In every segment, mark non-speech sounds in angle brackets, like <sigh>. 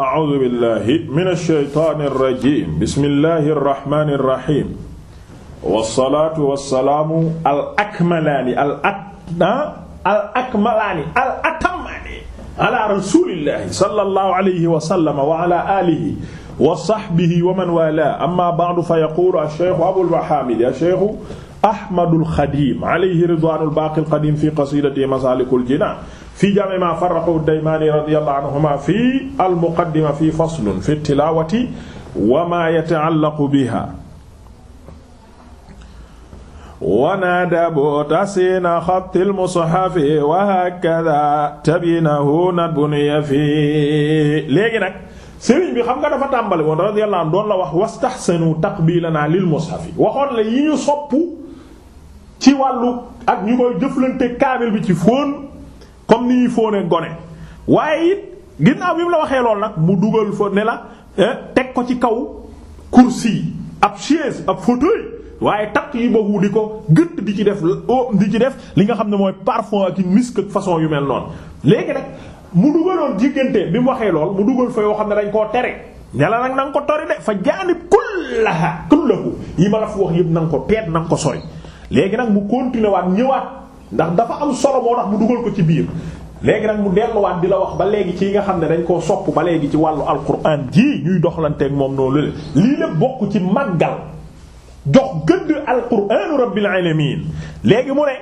a'uuzu billaahi mina shaytaani rajiim bismillaahi rahmaani rahiim wassalaatu wassalaamu al akmalaani al akmalaani al atammaani ala rasuulillaahi sallallaahu alayhi wa sallam wa ala aalihi wa sahbihi wa man waalaahu ammaa ba'du fa yaquulu ash-shaykhu abul mahaamid ash-shaykhu Ahmadul Xadiim alayhi ridwaanul baaqil qadiim fi qasiidatihi masaalikul jinaan fi jami ma farraqahu daymaani radiyallahu anhuma fi al-muqaddima fi faslun fi tilaawati wa ma yata'allaqu biha wa naadabu tasiina xatil mushafi wa hakada tabinahu nabuniya fi léegi nag sëriñ bi xam nga dafa tàmbali woon radiyallahu anhu doon la wax wastahsanu taqbilana lil mushafi waxoon la yi ñu sopp ci wàllu ak ñu koy jëflante kaamil bi ci fóon comme ni ñuy fóone gone waaye it ginnaaw bi mu la waxee lool nag mu dugal fa ne la eh, teg ko ci kaw kursi ab chaise ab fauteuil waaye takk yi boobu di ko gëtt di ci def di ci def li nga xam ne mooy parfum ak misk ak façon yu mel noon léegi nag mu dugaloon diggante bi mu waxee lool mu dugal fa yoo xam ne dañ koo tere ne la nag na nga ko tori de fa jaanib kullaha kullahu yi ma la fi wax yëpp na ko teet na ko sori léegi nag mu continuer waat ñëwaat ndax dafa am solo moo tax mu dugal ko ci biir léegi nag mu delluwaat di la wax ba léegi ci nga xam ne dañ koo sopp ba léegi ci wàllu alquran ji ñuy doxalanteeg moom noonu lële lii lépp bokk ci màggal jox gëdd alquranu rabbil alamin léegi mu ne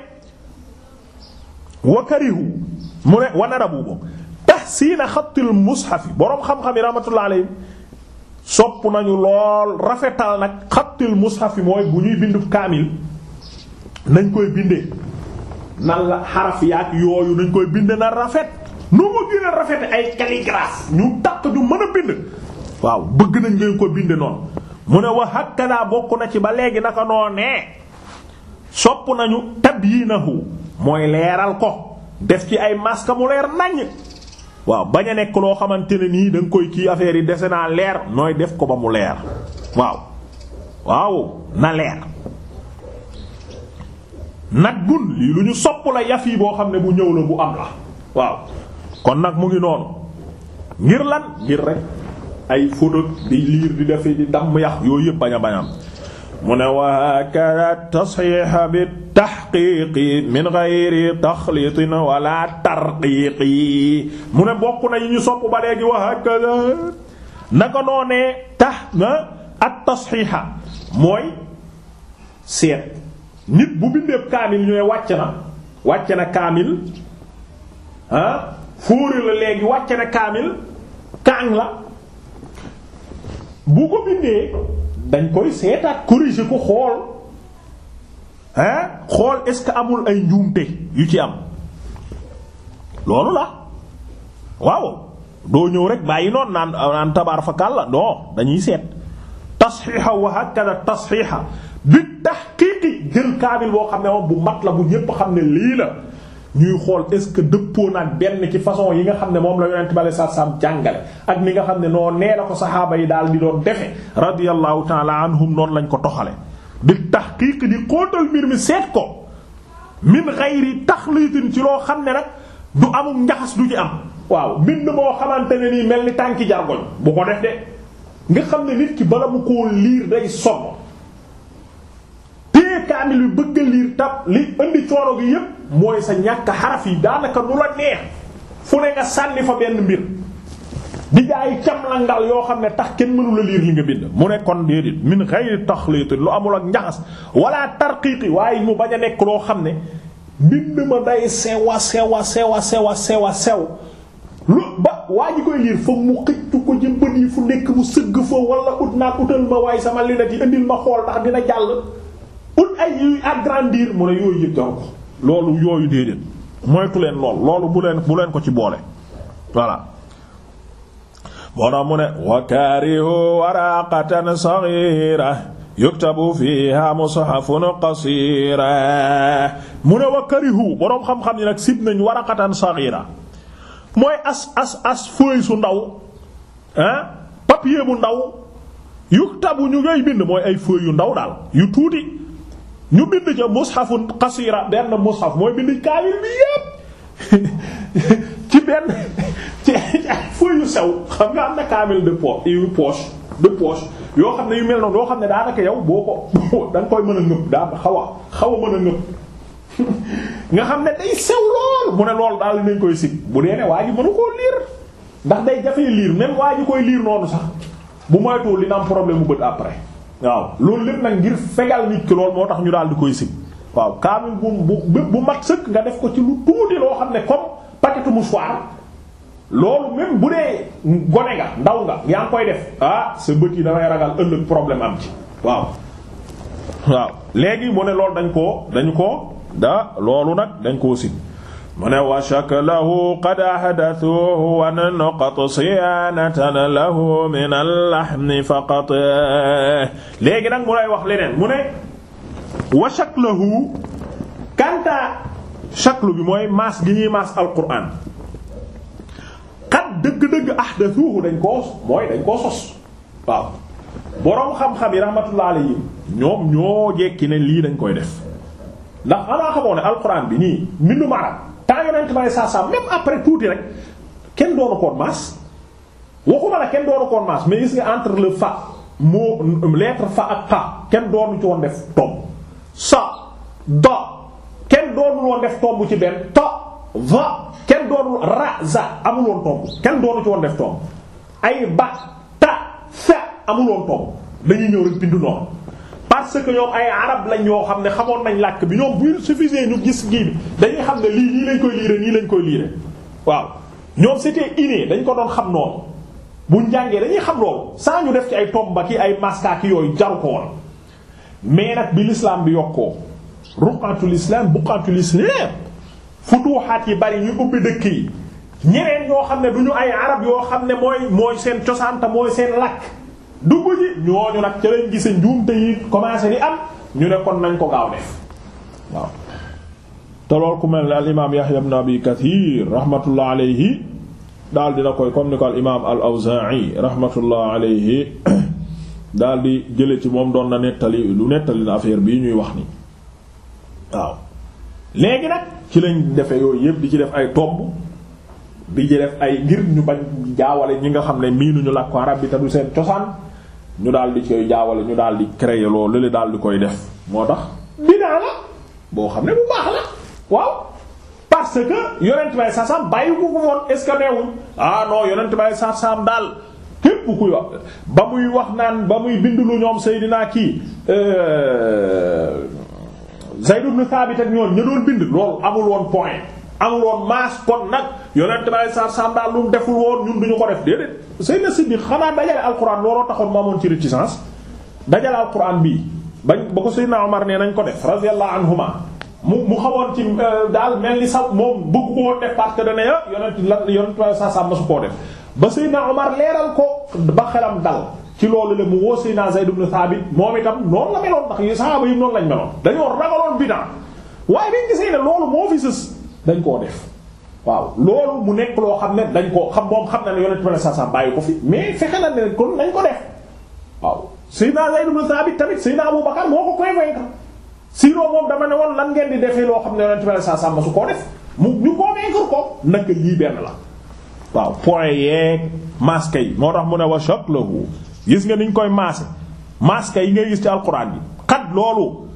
wa karihu mu ne wanarabu bo tahsina xatil mushafi boroom xam-xam yi rahmatullah alayhi sopp nañu lool rafetal nag xatil mushafi mooy bu ñuy bindu kaamil nañ koy bindee nan la xaraf yaak yooyu nañ koy bind na rafet nu mu gën rafet ay calligraphe ñu takk ñu mën a bind waaw bëgg nañ leen ko bind noonu mu ne wa hakada bokk na ci ba léegi naka noonee sopp nañu tabyinahu mooy leeral ko def ci ay masque mu leer naññ waaw bañ a nekk loo xamante ne nii da nga koy kii affaire yi dese naa leer nooy def ko ba mu leer waaw waaw na leer nag dun lii lu ñu sopp la yaf yi boo xam ne bu ñëw la bu am la waaw kon nag mu ngi noonu ngir lan ngir rek ay photo di liir di defe di damm yax yooyu yëpp bañ bañam mu ne wa hakada tasxiixa bi taxqiiqi min gayri taxliitin wala tarqiiqi mu ne bokk na yi ñu sopp ba léegi wa hakada naka noonee tax at tasxiixa mooy seet nit bu bindeeb kaamil ñu ne wàcc na wàcc na kaamil ah fóore la léegi wàcc na kaamil kaang la bu ko bindee dañ koy seetaat corriger ko xool ah xool est-ce que amul ay njuumte yu ci am loolu la waaw doo ñëw rek bàyyi noonu naan naan tabaar fa kàll la non dañuy seet tasxiixa wa hakada tasxiixa jël kaamil boo xam ne moom bu mat la bu ñépp xam ne lii la ñuy xool est-ce que dëppoo nag benn ci façon yi nga xam ne moom la yonent bi saa saam jàngale ak ni nga xam ne noo nee la ko saxaaba yi daal di doon defe radiyallahu taala anhum noonu lañ ko toxale di tahqiq di xóotal mbir mi seet ko tax la taxliitin ci loo xam ne nag du amul njaxas du ci am waaw mbind moo xamante ne nii mel ni tànki jargoñ bu ko def de nga xam ne nit ki bala mu koo liir day sonn téye kaamil yu bëgg a liir tab li indi coono gi yépp mooy sa ñàkk xaraf yi daanaka lu la neex fu ne nga sànni fa benn mbir di jaay camlangal yoo xam ne tax kenn mënu la liir li nga bind mu nekkoon kon déedéet min ghayri taxliit lu amul ak njaxas wala tarqiiqi waaye mu bañ a nekk loo xam ne mbind ma day sewa sewa sewa sewa sewa sew lu ba waa ji koy liir foog mu xëccu ko ci bët yi fu nekk mu sëgg fa wala ut naag utal ma waaye sama li yi indil ma xool ndax dina jàll ut ay yuy agrandir mu ne yooyu yëpp jaru loolu yooyu déedéet moytu leen lool loolu bu leen bu ko ci boole voilà boona mu ne wa kaarihu waraqatan saghira yuktabu fiha mushafun qasira mu ne wa karihu boroom xam-xam ni nag sib nañ waraqatan saghira mooy as as as feuille su ndaw ah papier bu ndaw yuktabu ñu ngay bind mooy ay feuille yu ndaw daal yu tuuti ñu bind ca mushafun qasira benn mushaf mooy bind kaamil bi yépp <laughs> ci benn <laughs> ci ay yu sew xam nga am na kaamil de po yu poche de poche yoo xam ne yu mel noonu yoo xam ne daanaka yow boo ko <laughs> da nga koy mën a nëb daa xaw a xaw a mën a nga xam ne day sew lool mu ne loolu daal nañ koy sib bu dee ne waa ji mënu koo liir ndax day jafee liir même waa ji koy liir noonu sax bu moytuwul dina am problème bu bët après. waaw loolu lépp nag ngir fegal nit ki lool moo tax ñu daal di koy sib waaw kaamil bu bu bu mat sëkk nga def ko ci lu tuuti loo xam ne comme paquetu mouchoir loolu même bu dee gone nga ndaw nga yaa ngi koy def ah sa bët yi damay ragal ëllëg problème am ci waaw waaw léegi mu ne loolu dañ koo dañu ko da loolu nag dañ koo sib mu ne wa shaklahu qad ahdathuhu wa naqat siyanatan lahu min al-lahmi faqat léegi nag mu lay wax leneen mu ne wa shaklahu kanta shaklu bi mooy maas gi ñuy maas alquran qad dëgg-dëgg ahdathuhu dañ koo mooy dañ koo sos waaw boroom xam-xam yi rahmatullahi alayhim ñoom ñoo jekki ne lii dañ koy def ndax xanaa xamoo ne alquran bi nii mbindu maarab temps yonent ba saa saa même après tuuti rek kenn doonu koon maas waxuma la kenn doonu koon maas mais gis nga entre le fa moo letre fa ak pa kenn doonu ci woon def tomb sa do kenn doonu woon def tomb ci benn to kenn doonu ra za amul woon tomb kenn doonu ci def tomb ay ba ta sa amul woon tomb dañuy ñëw rek bindu noonu parce que ñoom ay arab lañ yoo xam ne xamoon nañ làkk bi ñoom bu suffisait ñu gis ngii bi dañuy xam ne lii nii lañ koy liire nii lañ koy liire waaw ñoom c'était inné dañ ko doon xam noonu bu jàngee dañuy xam loolu saa ñu def ci ay tomba ki ay maska ki yooyu jaru ko woon mais nag bi l'islam bi yokkoo ruqatul islam buqatul islam futuhaat yi bari ñu ubbi dëkk yi ñeneen ñoo xam ne du ñu ay arab yoo xam ne mooy mooy seen cosaanta mooy seen làkk dugg ji ñooñu nag ci leen gise njuumte yi commencé di am ñu ne kon nañ ko gaaw def waaw te lool ku mel ne al imaam Yahya ibn Abi Kathir rahmatullah alayhi daal dina koy comme ni ko al imaam al Awzaa'i alayhi <coughs> daal di jële ci moom doon na nettali lu nettali na affaire bii ñuy wax ni waaw léegi nag ci lañ defe yooyu yëpp di ci def ay tomb di ci def ay ngir ñu bañ jaawale ñi nga xam ne miinuñu làkku arab bi te du seen cosaan ñu daal di koy jaawale ñu daal di créer loolu la daal di koy def moo tax bidaa la boo xam ne bu baax la waaw parce que yonent bay sasam bàyyi ko ko woon est ah non yonent bay sasam daal képp ku wax ba muy wax naan ba muy bind lu ñoom Seydina kii euh, Zayd ibn Thabit ak ñoom ña doon bind loolu amul woon point amul woon maas kon nag yonent ba sar sàndaal lu mu deful woon ñun duñu ko def déedéet Seydina Siddiq xanaa dajale alquran looloo taxoon ma amoon ci réticence dajale alquran bii bañ ba ko Seydina Omar nee nañ ko def radiyallahu anhuma mu mu xamoon ci euh, daal mel ni sax moom bëgg ko def parce que dane ya yonent la yonent ba sar sàndaal su koo def ba Seydina Omar leeral ko ba xelam dal ci loolu la mu woo Seydina Zayd ibn Thabit moom itam noonu la meloon ndax yi sahaaba dañ koo def waaw loolu mu nekk loo xam ne dañ koo xam moom xam na ne yonent bi saa saa bàyyi ko fi mais fexe na ne kon nañ ko def waaw Seydina Zayd ibn Thabit tamit Seydina Abu Bakar moo ko koy convaincre sinon moom dama ne woon lan ngeen di defee loo xam ne yonent bi saa saa ma koo def mu ñu convaincre ko naka lii benn la waaw point yeeg masque yi moo tax mu ne wa shakluhu gis nga niñ koy maase masque yi ngay gis ci alxuraan bi xat loolu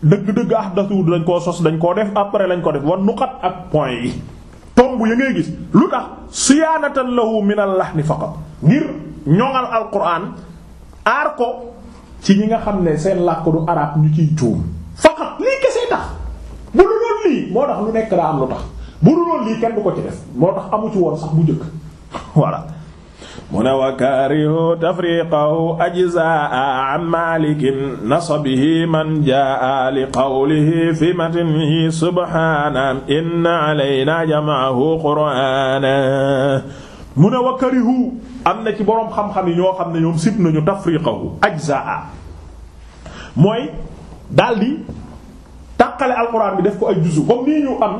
dëgg-dëgg ax dasuur dañ koo sos dañ koo def après lañ ko def wan xat ak point yi tomb ya ngay gis lu tax siyaanatan lahu min al ni faqat ngir ñoŋal alquran aar ko ci ñi nga xam ne seen làkk du arab ñu ciy tuum faqat lii kese tax bu lu doon lii moo tax lu nekk daa am lu tax bu lu doon lii kenn du ko ci def moo tax amu ci woon sax bu njëkk <laughs> mu ne wa kaarihu tafriqahu ajzaa an malikin nasabihi man jaa li qawlihi fi matnihi subhana inna alayna jamaahu qur'ana mu ne wa karihu am na ci boroom xam-xam yi ñoo xam ne ñoom sib nañu tafriqahu ajzaa mooy daldi tàqale alquran bi def ko ay juzu comme nii ñu am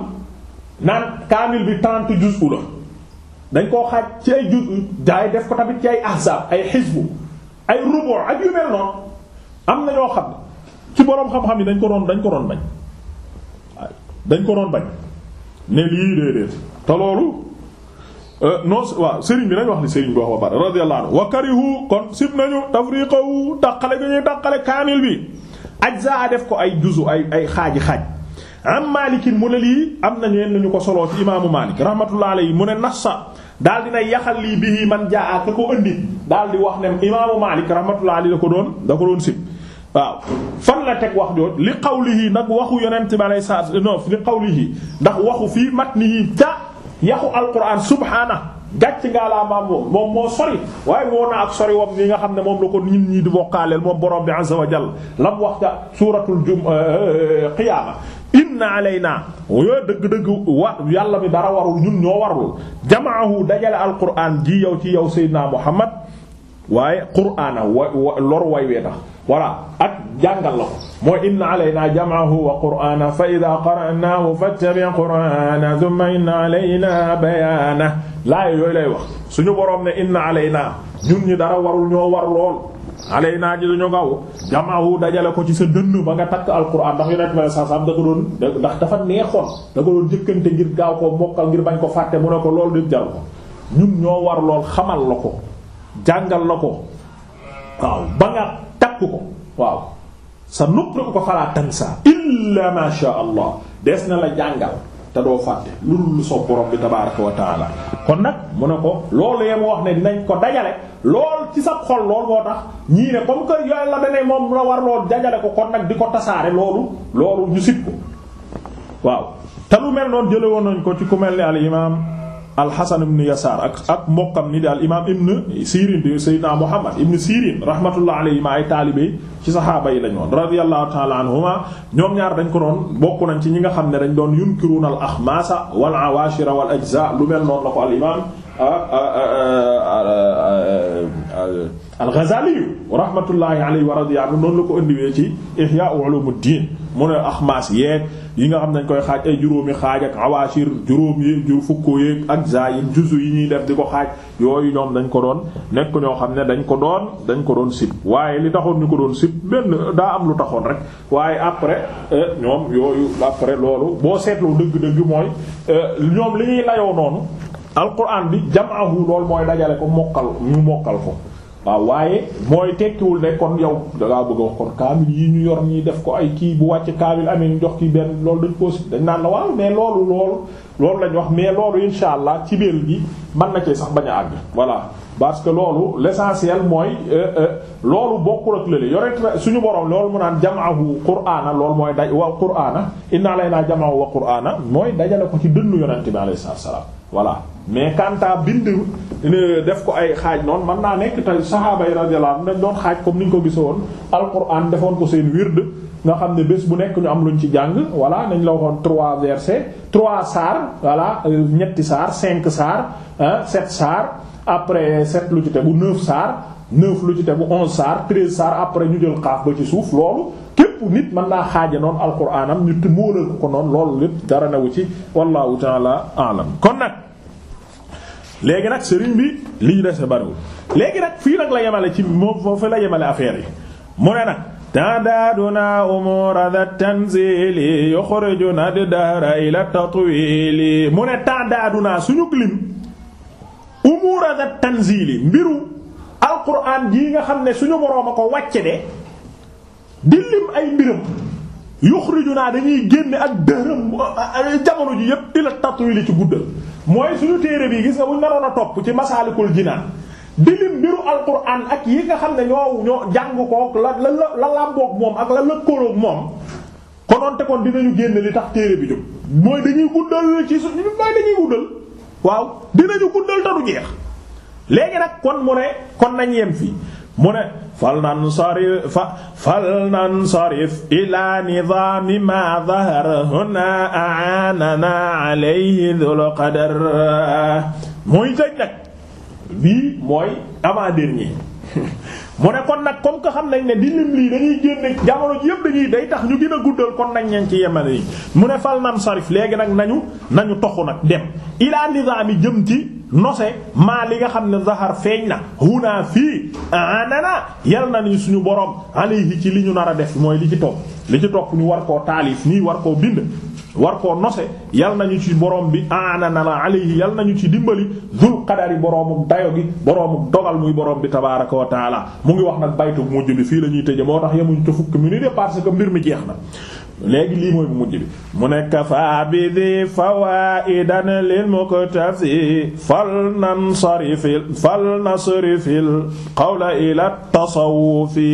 naan kaamil bi 30 juzu la dañ koo xaaj ci ay juz daay def ko tamit ci ay ahzaab ay xisbu ay rubu ak yu mel noonu am na ñoo xam ne ci boroom xam-xam ni dañ ko doon dañ ko doon bañ dañ ko doon bañ ne lii déedéet te loolu euh, non waaw sëriñ bi nañ wax li sëriñ bi wax ba pare radiyallahu anhu wa karihu kon sib nañu tafriqahu taqale bi ñuy taqale kaamil bi ajza def ko ay juzu ay ay xaaji xaaj am maalikin mu ne lii am na ñeen ñu ko soloo ci imaamu Maalik rahmatullah alayhi mu ne nassa daal dina yaxal lii bii man jaa ka ko indi daal di wax ne imaamu Maalik rahmatullah alayhi da ko doon da ko doon sib waaw fan la teg wax jooj li qawlihi nag waxu yonent bi alayhi salaatu non li qawlihi ndax waxu fii matnihi ca yaxu alquran subhaana gàcc ngaa laa maam moom moo sori waaye woo na ak sori wam yi nga xam ne moom la ko nit ñi di bokkaaleel moom borom bi azza wa la lam wax ca suuratul jum euh, euh, qiyaama inna alaynaa yooyu dëgg-dëgg wa yàlla mi dara warul ñun ñoo warul jamaahu dajale alquran ji yow ci yow Seydina Muhammad waaye qur'aana wa lor way wee tax voilà ak jàngal la ko mooy inna alaynaa jamaahu wa qur'aana fa idaa qara'naahu fattabi qur'aana thumma inna alaynaa bayaana laay yooyu lay wax suñu boroom ne inna alaynaa ñun ñi dara warul ñoo war lool alay naa ji dañu ngaw jamaahu dajale ko ci sa dënn ba nga takk alquran ndax yonent bi saa saam da ko doon ndax dafa neexoon da ko doon jëkkante ngir gaaw koo mokkal ngir bañ ko fàtte mu ne ko loolu di jaru ko ñun ñoo war lool xamal la ko jàngal la ko waaw ba nga takk ko waaw sa nupp ko ko falaa tansa illa ma sha allah des na la jàngal te doo fàtte lu dul lu soob borom bi tabaaraka wa kon nag mu ne ko loolu yee mu wax ne dinañ ko dajale lool ci sa xol lool moo tax ñii ne comme que yooyu la beneen moom la war lool dajale ko kon nag di ko tasaare loolu loolu ñu sib ko waaw te lu mel noonu jële woo nañ ko ci ku mel ni al alxasan ibn yasaar ak ak mbokkam ni di al imaam ibn sirin di seydina muhammad ibn sirin rahmatullah alayhi ma ay taalibe ci saxaaba yi lañ woon radiyallahu taala anhuma ñoom ñaar dañ ko doon bokk nañ ci ñi nga xam ne dañ doon yunkiruna al axmaasa wal awaashira wal ajza lu mel noonu la ko al imaam ah, ah, ah, al-Ghazali rahmatullahi alayhi wa radiya anhu noonu la ko indiwee ci Ihya Ulumuddin mu ne mas yeeg yi nga xam nañ koy xaaj ay juróomi xaaj ak awashir juróom yi jur fukko yeeg ak zayi juzu yi ñuy def di ko xaaj yooyu ñoom dañ ko doon nekk ñoo xam ne dañ ko doon dañ ko doon sit waaye li taxoon ñu ko doon sib benn daa am lu taxoon rek waaye après euh, ñoom yooyu après loolu boo seetloo dëgg-dëgg mooy euh, ñoom li ñuy layoo noonu alquran bi jam'ahu lool mooy dajale ko mokkal ñu mokkal ko waaw waaye mooy tekkiwul ne kon yow dangaa bëgg a wax kon kaamil yi ñu yor ñii def ko ay kii bu wàcc kaamil amee ñu jox kii benn loolu dañ ko dañ naan la waaw mais loolu loolu loolu lañ wax mais loolu insha allah ci biir gi mën na cee sax bañ a àgg voilà parce que loolu l'essentiel mooy euh, euh, loolu bokkul ak lële yore suñu borom loolu mu naan jamaahu qur'aana loolu mooy daj wa qur'aana inna lay naa jamaahu wa qur'aana mooy dajale ko ci dënnu yonente bi alayhi salaam voilà mais kanta bind def ko ay xaaj noonu man naa nekk tey sahaaba yi radiyallahu anhum dañ doon xaaj comme ni ñu ko gise woon alquran defoon ko seen wird nga xam ne bés bu nekk ñu am lu ñu ci jàng voilà nañ la waxoon trois versets trois saar voilà ñetti saar cinq saar ah sept saar après sept lu ci tegu neuf saar neuf lu ci tegu onze saar treize saar après ñu jël xaaf ba ci suuf loolu képp nit mën naa xaaja noonu alquranam ñu móolal ko ko noonu loolu lépp dara newu ci wallahu taala alam kon nag léegi nag sëriñ bi li ñu dese bariwul léegi nag fii nag la yemale ci moom foofu la yemale affaire yi mu ne nag tadaaduna umura da tanzili yuxrijuna dara ila tatwili mu ne tadaaduna suñu lim umura da tanzili mbiru alquran jii nga xam ne suñu boroom ko wàcce de di lim ay mbiram yuxrijuna dañuy génne ak dërëm euh, jamono ji yépp ila li ci guddal mooy suñu téere bi gis nga buñ naroon a topp ci masaalikul jinaan di lim mbiru alquran ak yi nga xam ne ñoo ñoo jàng kook la la la làmboog moom ak la lëkkaloog moom konoonte kon dinañu génne li tax téere bi jóg mooy dañuy guddal ci suñu mooy dañuy guddal waaw dinañu guddal te du jeex léegi kon mu kon nañ yem fii mu ne fal nansarif fal nansarif ila nidaami ma dahara huna aanana alayhi mooy tëj nag bii mooy avant dernier <laughs> mu ne kon nag comme que xam nañ ne di lim lii dañuy génne jamono ji yëpp dañuy day tax ñu gën guddal kon nañ ñeen ci yemale yi mu ne fal nansarif léegi nag nañu nañu toxu nag dem ila nidaami jëm ci nose maa li nga xam ne zahar feeñ na huna fii anana yal na ni suñu borom alayhi ci li ñu nar a def mooy li ci topp li ci topp ñu war koo taalif nii war koo bind war koo nose yal nañu ci borom bi anana la alayhi yal nañu ci dimbali zul qadari boroomuk dayo gi boroomuk dogal muy borom bi tabaraka wa taala mu ngi wax nag baytu mujj bi fii la ñuy tëje moo tax yemuñ ci fukki minutes parce que mbir mi jeex na léegi lii mooy bu mujj bi mu nekk kafa bi di fawaidan lil muktasi fal nansarifil fal nasrifil qawla ila tasawufi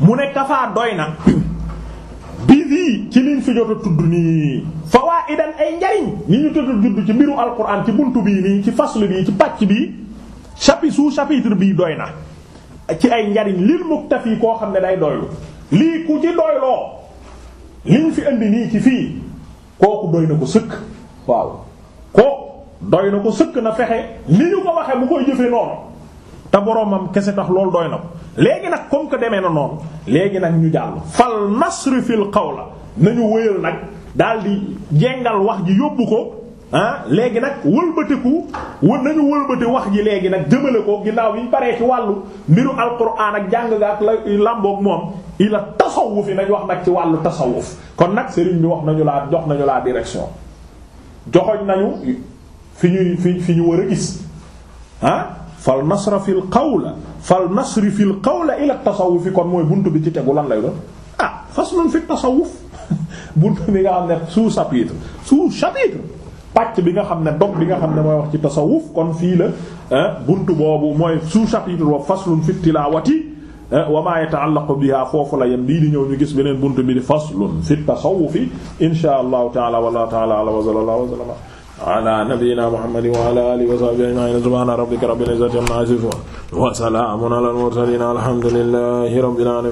mu ne kafa doy na bi di ci liñ fi jot a tudd nii fawaidan ay njariñ ni ñu jot a tudd ci mbiru alquran ci bunt bii nii ci faslu bii ci pàcc bii chapitre sous chapitre bii doy na ci ay njariñ lil muktafi koo xam ne day doylu lii ku ci doyloo liñ fi indi nii ci fii kooku doy na ko sëkk waaw kooku doy na ko sëkk na fexe ni ñu ko waxee mu koy jëfee noonu te boromam kese tax loolu doy na ko léegi nag comme que demee na noonu léegi nag ñu jàll fal nasri fil xaw la nañu wëyal nag daal di jengal wax ji yóbbu ko Ah léegi nag wëlbatiku wën nañu wëlbati wax ji léegi nag jëmale ko ginnaaw bi ñu paree ci wàllu mbiru alquran ak jàng ga ak làmboog moom ila tasawuf yi nañ wax nag ci wàllu tasawuf kon nag sëriñ bi wax nañu laa jox nañu laa direction joxoñ nañu fi ñuy fi fi ñu war a gis ah fal nasra fil qawla fal nasri fil qawla ila tasawuf kon mooy bunt bi ci tegu lan lay doon ah faslun fi tasawuf <laughs> buntu bi nga xam ne suu chapitre sous chapitre pàcc bi nga xam ne dog bi nga xam ne mooy wax ci tasawuf kon fii la eh, buntu boobu mooy sous-chapitre wa faslun fi tilaawati eh, wa ma yata'allaqu biha foofu la yem bii di ñëw ñu gis beneen buntu bi di faslun fi tasawufi insha allahu taala wallahu taala ala wa sallallahu wa sallama ala nabiyyina muhammadin wa ala alihi wa sahbihi ajma'in subhana rabbika rabbil izzati amma yasifun wa salamun ala al mursalin alhamdulillahi rabbil alamin